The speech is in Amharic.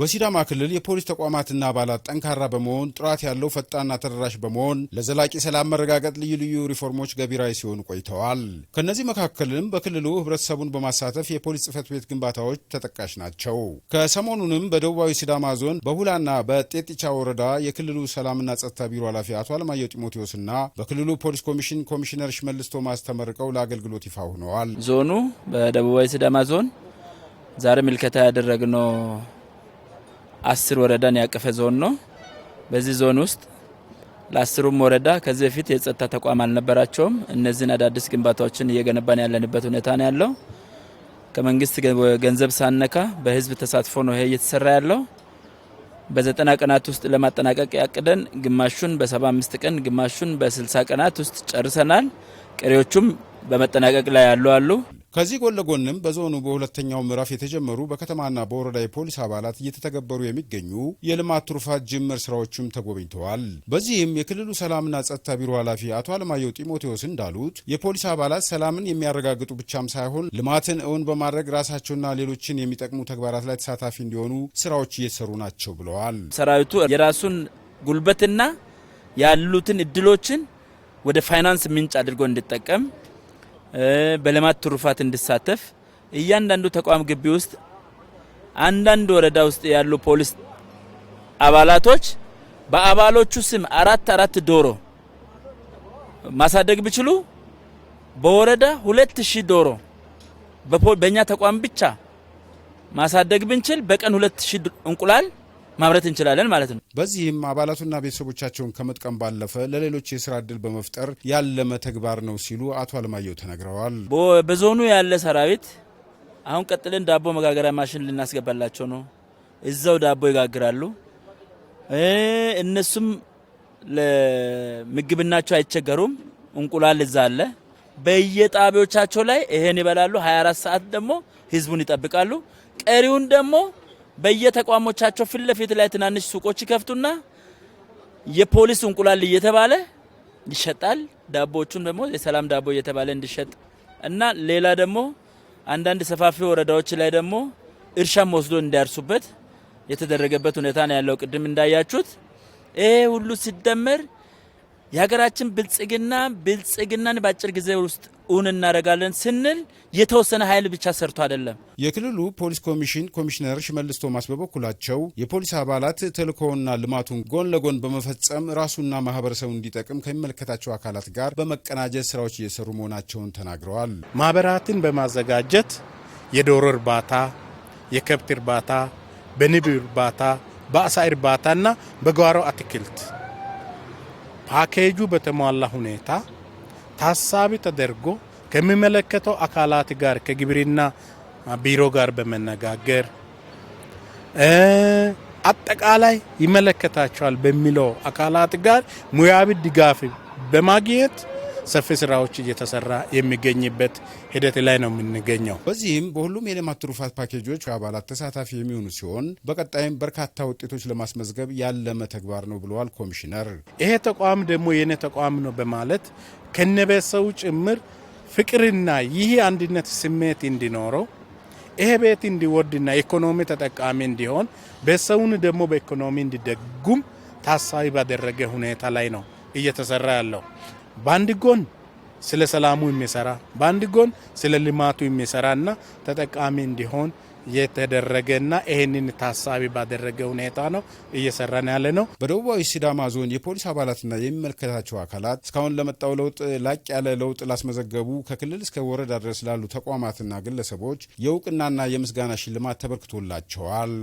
በሲዳማ ክልል የፖሊስ ተቋማትና አባላት ጠንካራ በመሆን ጥራት ያለው ፈጣንና ተደራሽ በመሆን ለዘላቂ ሰላም መረጋገጥ ልዩ ልዩ ሪፎርሞች ገቢራዊ ሲሆኑ ቆይተዋል። ከእነዚህ መካከልም በክልሉ ህብረተሰቡን በማሳተፍ የፖሊስ ጽህፈት ቤት ግንባታዎች ተጠቃሽ ናቸው። ከሰሞኑንም በደቡባዊ ሲዳማ ዞን በሁላና በጤጥቻ ወረዳ የክልሉ ሰላምና ጸጥታ ቢሮ ኃላፊ አቶ አለማየሁ ጢሞቴዎስና በክልሉ ፖሊስ ኮሚሽን ኮሚሽነር ሽመልስ ቶማስ ተመርቀው ለአገልግሎት ይፋ ሆነዋል። ዞኑ በደቡባዊ ሲዳማ ዞን ዛሬ ምልከታ ያደረግነው አስር ወረዳን ያቀፈ ዞን ነው። በዚህ ዞን ውስጥ ለአስሩም ወረዳ ከዚህ በፊት የጸጥታ ተቋም አልነበራቸውም። እነዚህን አዳዲስ ግንባታዎችን እየገነባን ያለንበት ሁኔታ ነው ያለው። ከመንግስት ገንዘብ ሳነካ በህዝብ ተሳትፎ ነው ይሄ እየተሰራ ያለው። በዘጠና ቀናት ውስጥ ለማጠናቀቅ ያቅደን ግማሹን በሰባ አምስት ቀን ግማሹን በስልሳ ቀናት ውስጥ ጨርሰናል። ቀሪዎቹም በመጠናቀቅ ላይ ያሉ አሉ። ከዚህ ጎን ለጎንም በዞኑ በሁለተኛው ምዕራፍ የተጀመሩ በከተማና በወረዳ የፖሊስ አባላት እየተተገበሩ የሚገኙ የልማት ትሩፋት ጅምር ስራዎችም ተጎብኝተዋል። በዚህም የክልሉ ሰላምና ጸጥታ ቢሮ ኃላፊ አቶ አለማየሁ ጢሞቴዎስ እንዳሉት የፖሊስ አባላት ሰላምን የሚያረጋግጡ ብቻም ሳይሆን ልማትን እውን በማድረግ ራሳቸውና ሌሎችን የሚጠቅሙ ተግባራት ላይ ተሳታፊ እንዲሆኑ ስራዎች እየተሰሩ ናቸው ብለዋል። ሰራዊቱ የራሱን ጉልበትና ያሉትን እድሎችን ወደ ፋይናንስ ምንጭ አድርጎ እንዲጠቀም በልማት ትሩፋት እንድሳተፍ እያንዳንዱ ተቋም ግቢ ውስጥ አንዳንድ ወረዳ ውስጥ ያሉ ፖሊስ አባላቶች በአባሎቹ ስም አራት አራት ዶሮ ማሳደግ ቢችሉ በወረዳ ሁለት ሺህ ዶሮ በእኛ ተቋም ብቻ ማሳደግ ብንችል በቀን ሁለት ሺህ እንቁላል ማምረት እንችላለን ማለት ነው። በዚህም አባላቱና ቤተሰቦቻቸውን ከመጥቀም ባለፈ ለሌሎች የስራ እድል በመፍጠር ያለመ ተግባር ነው ሲሉ አቶ አለማየሁ ተናግረዋል። በዞኑ ያለ ሰራዊት አሁን ቀጥለን ዳቦ መጋገሪያ ማሽን ልናስገባላቸው ነው። እዛው ዳቦ ይጋግራሉ። እነሱም ለምግብናቸው አይቸገሩም። እንቁላል እዛ አለ። በየጣቢያዎቻቸው ላይ ይሄን ይበላሉ። 24 ሰዓት ደግሞ ህዝቡን ይጠብቃሉ። ቀሪውን ደግሞ በየተቋሞቻቸው ፊት ለፊት ላይ ትናንሽ ሱቆች ይከፍቱና የፖሊስ እንቁላል እየተባለ ይሸጣል። ዳቦቹም ደግሞ የሰላም ዳቦ እየተባለ እንዲሸጥ እና ሌላ ደግሞ አንዳንድ ሰፋፊ ወረዳዎች ላይ ደግሞ እርሻም ወስዶ እንዲያርሱበት የተደረገበት ሁኔታ ነው ያለው። ቅድም እንዳያችሁት ይሄ ሁሉ ሲደመር የሀገራችን ብልጽግና ብልጽግናን በአጭር ጊዜ ውስጥ እውን እናደርጋለን ስንል የተወሰነ ኃይል ብቻ ሰርቶ አይደለም። የክልሉ ፖሊስ ኮሚሽን ኮሚሽነር ሽመልስ ቶማስ በበኩላቸው የፖሊስ አባላት ተልእኮውና ልማቱን ጎን ለጎን በመፈጸም ራሱና ማህበረሰቡ እንዲጠቅም ከሚመለከታቸው አካላት ጋር በመቀናጀት ስራዎች እየሰሩ መሆናቸውን ተናግረዋል። ማህበራትን በማዘጋጀት የዶሮ እርባታ፣ የከብት እርባታ፣ በንብ እርባታ፣ በአሳ እርባታና በጓሮ አትክልት ፓኬጁ በተሟላ ሁኔታ ታሳቢ ተደርጎ ከሚመለከተው አካላት ጋር ከግብርና ቢሮ ጋር በመነጋገር አጠቃላይ ይመለከታቸዋል በሚለው አካላት ጋር ሙያዊ ድጋፍ በማግኘት ሰፊ ስራዎች እየተሰራ የሚገኝበት ሂደት ላይ ነው የምንገኘው። በዚህም በሁሉም የልማት ትሩፋት ፓኬጆች አባላት ተሳታፊ የሚሆኑ ሲሆን በቀጣይም በርካታ ውጤቶች ለማስመዝገብ ያለመ ተግባር ነው ብለዋል ኮሚሽነር። ይሄ ተቋም ደግሞ የእኔ ተቋም ነው በማለት ከነበሰው ጭምር ፍቅርና ይህ አንድነት ስሜት እንዲኖረው ይሄ ቤት እንዲወድና ኢኮኖሚ ተጠቃሚ እንዲሆን ቤተሰቡን ደግሞ በኢኮኖሚ እንዲደጉም ታሳቢ ባደረገ ሁኔታ ላይ ነው እየተሰራ ያለው። በአንድ ጎን ስለ ሰላሙ የሚሰራ በአንድ ጎን ስለ ልማቱ የሚሰራና ተጠቃሚ እንዲሆን የተደረገና ይህንን ታሳቢ ባደረገ ሁኔታ ነው እየሰራን ያለ ነው። በደቡባዊ ሲዳማ ዞን የፖሊስ አባላትና የሚመለከታቸው አካላት እስካሁን ለመጣው ለውጥ ላቅ ያለ ለውጥ ላስመዘገቡ ከክልል እስከ ወረዳ ድረስ ላሉ ተቋማትና ግለሰቦች የእውቅናና የምስጋና ሽልማት ተበርክቶላቸዋል።